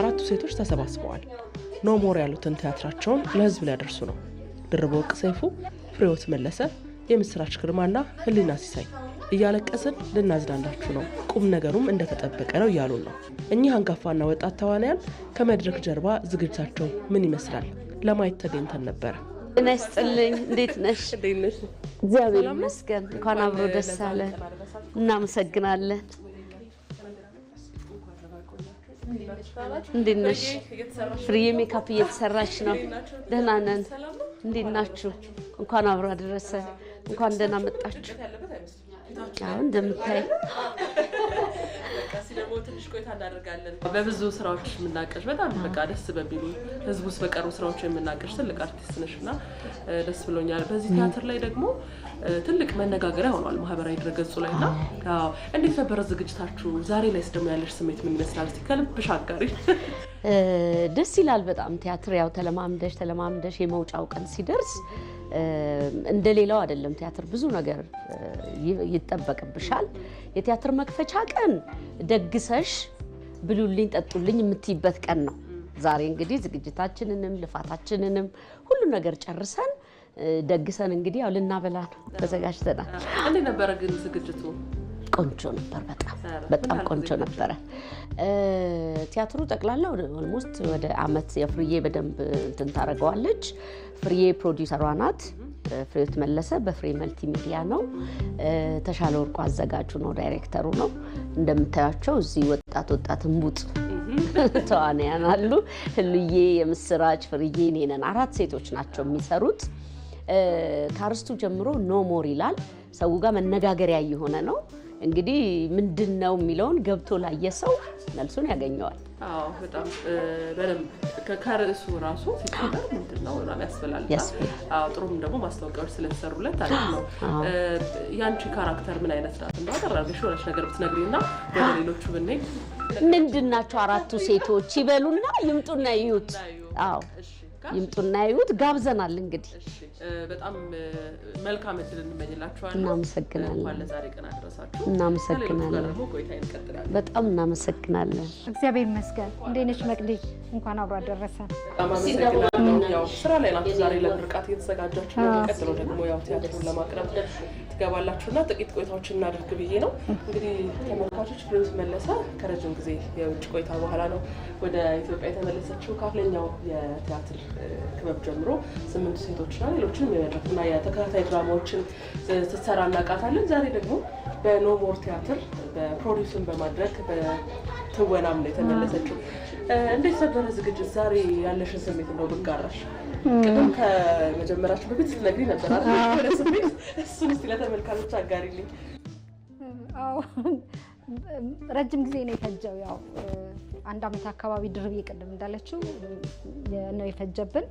አራቱ ሴቶች ተሰባስበዋል። ኖሞር ያሉትን ቲያትራቸውን ለህዝብ ሊያደርሱ ነው። ድርብ ወርቅ ሰይፉ፣ ፍሬወት መለሰ፣ የምስራች ግርማና ህሊና ሲሳይ እያለቀስን ልናዝናናችሁ ነው፣ ቁም ነገሩም እንደተጠበቀ ነው እያሉን ነው። እኚህ አንጋፋና ወጣት ተዋናያል ከመድረክ ጀርባ ዝግጅታቸው ምን ይመስላል ለማየት ተገኝተን ነበረ። ነስጥልኝ እንዴት ነሽ? እግዚአብሔር ይመስገን። እንኳን አብሮ ደስ እናመሰግናለን። እንዴት ነሽ? ፍርዬ ሜካፕ እየተሰራች ነው። ደህና ነን። እንዴት ናችሁ? እንኳን አብሮ አደረሰ። እንኳን ደህና መጣችሁ። አሁን እንደምታይ ትንሽ ቆይታ እናደርጋለን። በብዙ ስራዎች የምናቀሽ በጣም በቃ ደስ በሚሉ ህዝቡ ውስጥ በቀሩ ስራዎች የምናቀሽ ትልቅ አርቲስት ነሽ እና ደስ ብሎኛል። በዚህ ቲያትር ላይ ደግሞ ትልቅ መነጋገሪያ ሆኗል ማህበራዊ ድረገጹ ላይ እና እንዴት ነበረ ዝግጅታችሁ? ዛሬ ላይስ ደግሞ ያለሽ ስሜት ምን ይመስላል? እስኪ ከልብሽ አጋሪ ደስ ይላል በጣም ቲያትር ያው ተለማምደሽ ተለማምደሽ የመውጫው ቀን ሲደርስ እንደሌላው አይደለም። ቲያትር ብዙ ነገር ይጠበቅብሻል። የቲያትር መክፈቻ ቀን ደግሰሽ ብሉልኝ ጠጡልኝ የምትይበት ቀን ነው። ዛሬ እንግዲህ ዝግጅታችንንም ልፋታችንንም ሁሉ ነገር ጨርሰን ደግሰን እንግዲህ ያው ልናበላ ነው ተዘጋጅተናል። እንዴት ነበረ ግን ዝግጅቱ? ቆንጆ ነበር በጣም በጣም ቆንጆ ነበረ። ቲያትሩ ጠቅላላ ኦልሞስት ወደ አመት የፍርዬ በደንብ እንትን ታደርገዋለች። ፍርዬ ፕሮዲውሰሯ ናት። ፍሬዎት መለሰ በፍሬ መልቲ ሚዲያ ነው። ተሻለ ወርቁ አዘጋጁ ነው፣ ዳይሬክተሩ ነው። እንደምታያቸው እዚህ ወጣት ወጣት እምቡጥ ተዋንያን አሉ። ህልዬ፣ የምስራች፣ ፍርዬ፣ እኔ አራት ሴቶች ናቸው የሚሰሩት። ከአርስቱ ጀምሮ ኖ ሞር ይላል። ሰው ጋር መነጋገሪያ እየሆነ ነው። እንግዲህ ምንድን ነው የሚለውን ገብቶ ላየ ሰው መልሱን ያገኘዋል። አዎ በጣም በደንብ ከርዕሱ ራሱ ጥሩም ደግሞ ማስታወቂያዎች ስለተሰሩለት አሪፍ ነው። የአንቺ ካራክተር ምን አይነት ናት? ሆነች ነገር ብትነግሪና ወደ ሌሎቹ ብንሄድ ምንድን ናቸው አራቱ ሴቶች ይበሉና ይምጡና ይዩት። አዎ ይምጡና ያዩት። ጋብዘናል እንግዲህ በጣም መልካም እድል እንመኝላችኋለን። እናመሰግናለን። ለዛሬ ቀን አድረሳችሁ። እናመሰግናለን። በጣም እናመሰግናለን። እግዚአብሔር ይመስገን። እንዴት ነሽ መቅዲ? እንኳን አብሮ አደረሰን። ስራ ላይ ናችሁ ዛሬ ለምርቃት እየተዘጋጃችሁ፣ ቀጥሎ ደግሞ ያው ቲያትሩን ለማቅረብ ትገባላችሁና ጥቂት ቆይታዎች እናደርግ ብዬ ነው። እንግዲህ ተመልካቾች ፍሬሕይወት መለሰ ከረጅም ጊዜ የውጭ ቆይታ በኋላ ነው ወደ ኢትዮጵያ የተመለሰችው። ከአፍለኛው የቲያትር ክበብ ጀምሮ ስምንቱ ሴቶችና ሌሎችም የመድረክና የተከታታይ ድራማዎችን ስትሰራ እናውቃታለን። ዛሬ ደግሞ በኖሞር ቲያትር በፕሮዲውስን በማድረግ ትወናም ነው የተመለሰችው። እንዴት ነበረ ዝግጅት? ዛሬ ያለሽን ስሜት ነው ብጋራሽ። ቅድም ከመጀመራችሁ በፊት ስትነግሪ ነበር ወደ ስሜት፣ እሱን እስኪ ለተመልካቾች አጋሪልኝ። አዎ ረጅም ጊዜ ነው የፈጀው። ያው አንድ አመት አካባቢ ድርብ ቅድም እንዳለችው ነው የፈጀብን።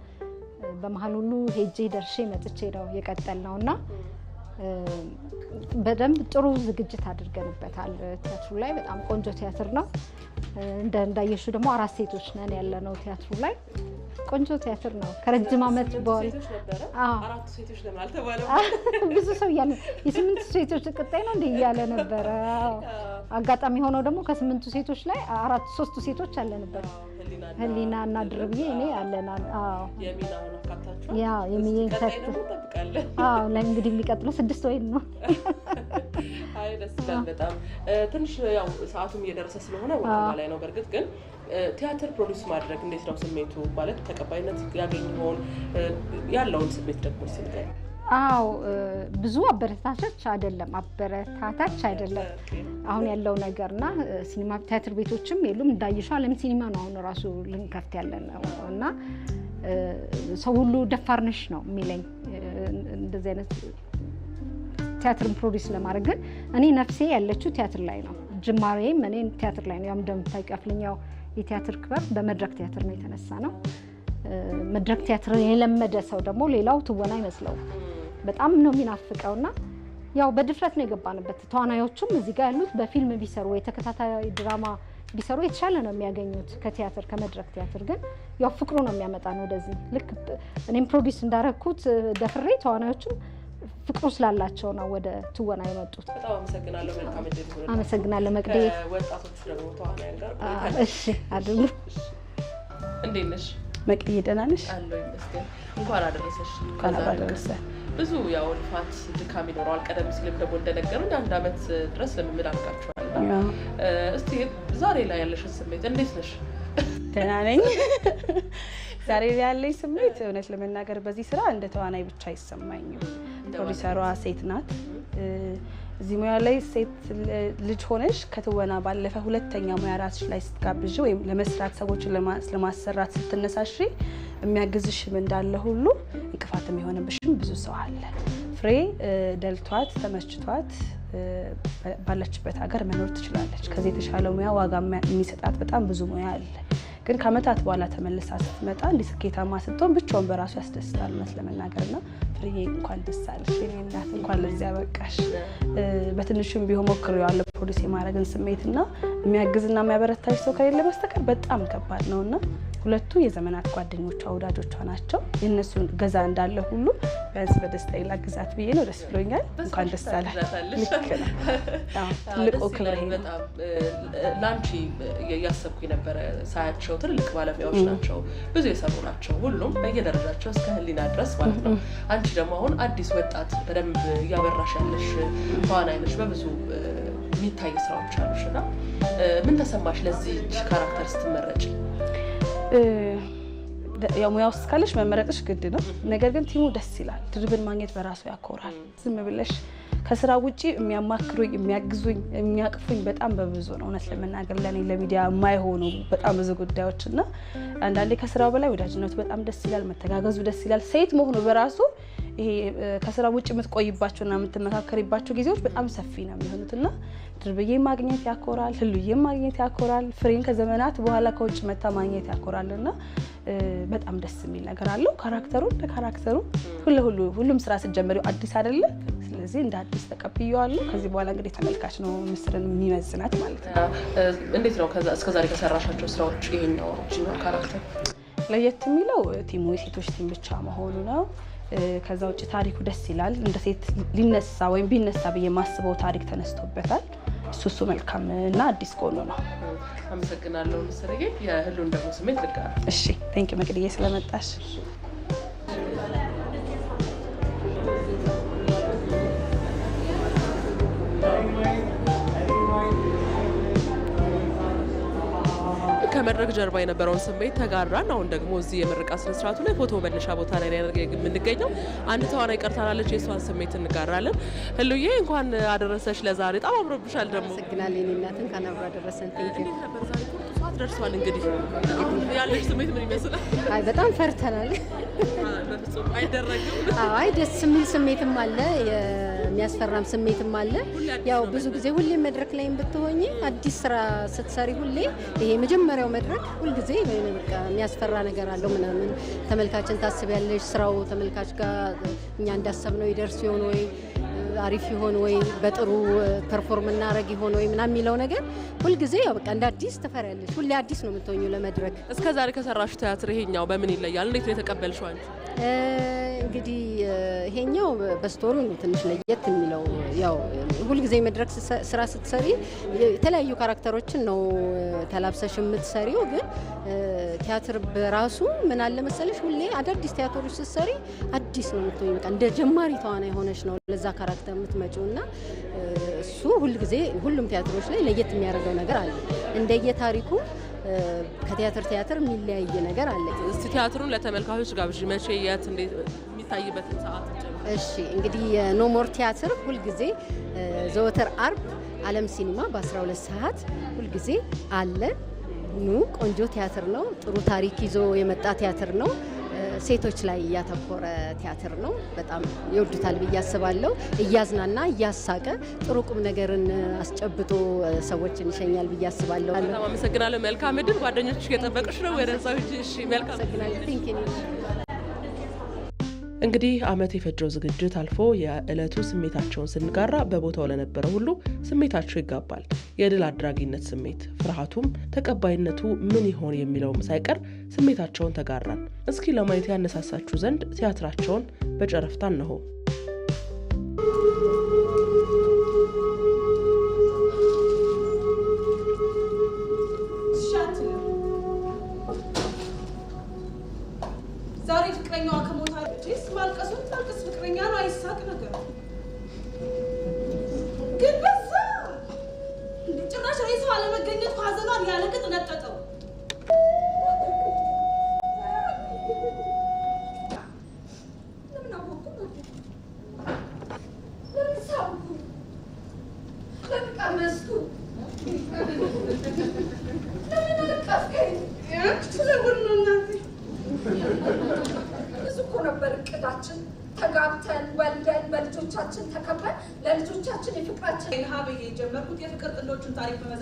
በመሀል ሁሉ ሄጄ ደርሼ መጥቼ ነው የቀጠል ነው እና በደንብ ጥሩ ዝግጅት አድርገንበታል። ቲያትሩ ላይ በጣም ቆንጆ ቲያትር ነው። እንደ እንዳየሹ ደግሞ አራት ሴቶች ነን ያለነው ቲያትሩ ላይ ቆንጆ ቲያትር ነው። ከረጅም ዓመት በኋላ ብዙ ሰው እያለ የስምንት ሴቶች ቅጣይ ነው እንደ እያለ ነበረ አጋጣሚ ሆነው ደግሞ ከስምንቱ ሴቶች ላይ አራት ሶስቱ ሴቶች አለንበት ህሊና እና ድርብዬ እኔ አለን። እንግዲህ የሚቀጥለው ስድስት ወይም ነው። ደስ ይላል በጣም ትንሽ ያው ሰዓቱም እየደረሰ ስለሆነ ወደኋላ ላይ ነው። በእርግጥ ግን ቲያትር ፕሮዲስ ማድረግ እንዴት ነው ስሜቱ? ማለት ተቀባይነት ያገኝ ያገኘውን ያለውን ስሜት ደግሞ ስንገኝ አዎ ብዙ አበረታታች አይደለም፣ አበረታታች አይደለም አሁን ያለው ነገርና ሲኒማ ቲያትር ቤቶችም የሉም እንዳየሽው አለም ሲኒማ ነው አሁን ራሱ ልንከፍት ያለ ነው እና ሰው ሁሉ ደፋር ነው የሚለኝ እንደዚህ አይነት ቲያትርን ፕሮዲስ ለማድረግ ግን እኔ ነፍሴ ያለችው ቲያትር ላይ ነው። ጅማሬም እኔ ቲያትር ላይ ነው። ያም እንደምታውቂው አፍለኛው የቲያትር ክበብ በመድረክ ቲያትር ነው የተነሳ ነው። መድረክ ቲያትርን የለመደ ሰው ደግሞ ሌላው ትወና አይመስለውም። በጣም ነው የሚናፍቀው እና ያው በድፍረት ነው የገባንበት። ተዋናዮቹም እዚህ ጋር ያሉት በፊልም ቢሰሩ ወይ ተከታታይ ድራማ ቢሰሩ የተሻለ ነው የሚያገኙት ከቲያትር ከመድረክ ቲያትር። ግን ያው ፍቅሩ ነው የሚያመጣን ወደዚህ። ልክ እኔም ፕሮዲስ እንዳረግኩት ደፍሬ ተዋናዮቹም ፍቅሩ ስላላቸው ነው ወደ ትወና የመጡት። አመሰግናለሁ መቅደስ። ወጣቶች ደግሞ ተዋናያን ጋር አድርጉ። እንዴት ነሽ? መቅዬ ደህና ነሽ? እንኳን አደረሰሽ። እንኳን አደረሰ። ብዙ ያው ልፋት ድካም ይኖረዋል። ቀደም ሲልም ደግሞ እንደነገሩ አንድ አመት ድረስ ልምምድ አድርጋችኋል። እስቲ ዛሬ ላይ ያለሽን ስሜት እንዴት ነሽ? ደህና ነኝ። ዛሬ ላይ ያለኝ ስሜት እውነት ለመናገር በዚህ ስራ እንደ ተዋናይ ብቻ አይሰማኝም። ፕሮዲሰሯ ሴት ናት እዚህ ሙያ ላይ ሴት ልጅ ሆነሽ ከትወና ባለፈ ሁለተኛ ሙያ ራስሽ ላይ ስትጋብዥ ወይም ለመስራት ሰዎችን ለማሰራት ስትነሳሽ የሚያግዝሽም እንዳለ ሁሉ እንቅፋትም የሆነብሽም ብዙ ሰው አለ። ፍሬ ደልቷት ተመችቷት ባለችበት ሀገር መኖር ትችላለች። ከዚህ የተሻለ ሙያ ዋጋ የሚሰጣት በጣም ብዙ ሙያ አለ። ግን ከአመታት በኋላ ተመልሳ ስትመጣ እንዲህ ስኬታማ ስትሆን ብቻውን በራሱ ያስደስታል መስለመናገር ና ፍርዬ እንኳን ደስ አለሽ የኔ እናት፣ እንኳን ለዚያ በቃሽ። በትንሹም ቢሆን ሞክሬዋለሁ ፖሊስ የማድረግን ስሜትና የሚያግዝና የሚያበረታሽ ሰው ከሌለ በስተቀር በጣም ከባድ ነውና ሁለቱ የዘመናት ጓደኞቿ ወዳጆቿ ናቸው። የእነሱን ገዛ እንዳለ ሁሉ ቢያንስ በደስታ ላግዛት ብዬ ነው። ደስ ብሎኛል። እንኳን ደስ አላል። ትልቁ ክብር ለአንቺ እያሰብኩ ነበረ። ሳያቸው ትልልቅ ባለሙያዎች ናቸው፣ ብዙ የሰሩ ናቸው። ሁሉም በየደረጃቸው እስከ ህሊና ድረስ ማለት ነው። አንቺ ደግሞ አሁን አዲስ ወጣት በደንብ እያበራሽ ያለሽ ተዋናይ ነሽ። በብዙ የሚታይ ስራዎች አሉሽ እና ምን ተሰማሽ ለዚህ ካራክተር ስትመረጭ? ሙያ ውስጥ ካለሽ መመረጥሽ ግድ ነው። ነገር ግን ቲሙ ደስ ይላል። ድርብን ማግኘት በራሱ ያኮራል። ዝም ብለሽ ከስራ ውጭ የሚያማክሩኝ፣ የሚያግዙኝ፣ የሚያቅፉኝ በጣም በብዙ ነው። እውነት ለመናገር ለእኔ ለሚዲያ የማይሆኑ በጣም ብዙ ጉዳዮች እና አንዳንዴ ከስራው በላይ ወዳጅነቱ በጣም ደስ ይላል። መተጋገዙ ደስ ይላል። ሴት መሆኑ በራሱ ይሄ ከስራ ውጭ የምትቆይባቸውና የምትመካከሪባቸው ጊዜዎች በጣም ሰፊ ነው የሚሆኑት ድርብዬ ማግኘት ያኮራል፣ ህሉዬ ማግኘት ያኮራል፣ ፍሬን ከዘመናት በኋላ ከውጭ መታ ማግኘት ያኮራል እና በጣም ደስ የሚል ነገር አለው። ካራክተሩ ለካራክተሩ ሁሉም ስራ ስትጀምሪው አዲስ አይደለ? ስለዚህ እንደ አዲስ ተቀብዬዋለሁ። ከዚህ በኋላ እንግዲህ ተመልካች ነው ምስርን የሚመዝናት ማለት ነው። እንዴት ነው እስከዛሬ ከሰራሻቸው ስራዎች ይሄኛው ነው ካራክተር ለየት የሚለው ቲሙ የሴቶች ቲም ብቻ መሆኑ ነው። ከዛ ውጭ ታሪኩ ደስ ይላል። እንደ ሴት ሊነሳ ወይም ቢነሳ ብዬ የማስበው ታሪክ ተነስቶበታል። እሱ እሱ መልካም እና አዲስ ቆኖ ነው። አመሰግናለሁ። ምስር የህሉን ደግሞ ስሜት ልጋራ። እሺ ቴንክ መቅድዬ ስለመጣሽ ከመድረክ ጀርባ የነበረውን ስሜት ተጋራን። አሁን ደግሞ እዚህ የምረቃ ስነስርዓቱ ላይ ፎቶ መነሻ ቦታ ላይ የምንገኘው አንድ ተዋናይ ቀርታናለች። የእሷን ስሜት እንጋራለን። ህሉዬ እንኳን አደረሰች ለዛሬ። ጣም አምሮብሻል ደግሞ ግናል ሰዓት ደርሷል። እንግዲህ ያለች ስሜት ምን ይመስላል? አይ በጣም ፈርተናል። አይደረግም። አይ ደስ የሚል ስሜትም አለ፣ የሚያስፈራም ስሜትም አለ። ያው ብዙ ጊዜ ሁሌ መድረክ ላይም ብትሆኝ አዲስ ስራ ስትሰሪ ሁሌ ይሄ መጀመሪያው መድረክ ሁልጊዜ የሚያስፈራ ነገር አለው ምናምን ተመልካችን ታስቢያለሽ። ስራው ተመልካች ጋር እኛ እንዳሰብነው ይደርስ ይሆን ወይ አሪፍ ይሆን ወይ በጥሩ ፐርፎርም እናደረግ ይሆን ወይ ምናምን የሚለው ነገር ሁልጊዜ ያው በቃ እንደ አዲስ ትፈሪያለሽ። ሁሌ አዲስ ነው የምትሆኙ ለመድረክ። እስከ ዛሬ ከሰራሽ ቲያትር ይሄኛው በምን ይለያል? እንዴት ነው የተቀበልሽው አንቺ? እንግዲህ ይሄኛው በስቶሪ ነው ትንሽ ለየት የሚለው። ያው ሁልጊዜ መድረክ ስራ ስትሰሪ የተለያዩ ካራክተሮችን ነው ተላብሰሽ የምትሰሪው። ግን ቲያትር በራሱ ምን አለ መሰለሽ ሁሌ አዳዲስ ቲያትሮች ስትሰሪ አዲስ ነው የምትሆኝ። በቃ እንደ ጀማሪ ተዋና የሆነች ነው ለዛ ካራክተር ተከፍታ የምትመጪው እና እሱ ሁልጊዜ ሁሉም ቲያትሮች ላይ ለየት የሚያደርገው ነገር አለ እንደየታሪኩ ከቲያትር ቲያትር የሚለያየ ነገር አለ። እስቲ ቲያትሩን ለተመልካቾች ጋብዥ። መቼ፣ የት፣ እንዴት የሚታይበትን ሰዓት? እሺ እንግዲህ የኖሞር ቲያትር ሁልጊዜ ዘወትር አርብ አለም ሲኒማ በ12 ሰዓት ሁልጊዜ አለ። ኑ፣ ቆንጆ ቲያትር ነው። ጥሩ ታሪክ ይዞ የመጣ ቲያትር ነው። ሴቶች ላይ እያተኮረ ቲያትር ነው። በጣም ይወዱታል ብዬ አስባለሁ። እያዝናና እያሳቀ ጥሩ ቁም ነገርን አስጨብጦ ሰዎችን ይሸኛል ብዬ አስባለሁ። በጣም አመሰግናለሁ። መልካም እድል ጓደኞች የጠበቁሽ ነው። እሺ፣ መልካም እንግዲህ አመት የፈጀው ዝግጅት አልፎ የዕለቱ ስሜታቸውን ስንጋራ በቦታው ለነበረ ሁሉ ስሜታቸው ይጋባል። የድል አድራጊነት ስሜት፣ ፍርሃቱም፣ ተቀባይነቱ ምን ይሆን የሚለውም ሳይቀር ስሜታቸውን ተጋራል። እስኪ ለማየት ያነሳሳችሁ ዘንድ ቲያትራቸውን በጨረፍታ እነሆ። ዛሬ ፍቅረኛዋ ከሞታ ስ ማልቀሱ ማልቀስ ፍቅረኛ ነው፣ አይሳቅ ነገር ግን በዛ ጭራሽ ሬሳዋ አለመገኘት ሀዘኗን ያለቅጥ ነጠጠው። ራሳችን ተከበን ለልጆቻችን የፍቅራችን ሀብ የጀመርኩት የፍቅር ጥንዶቹን ታሪክ በመዘ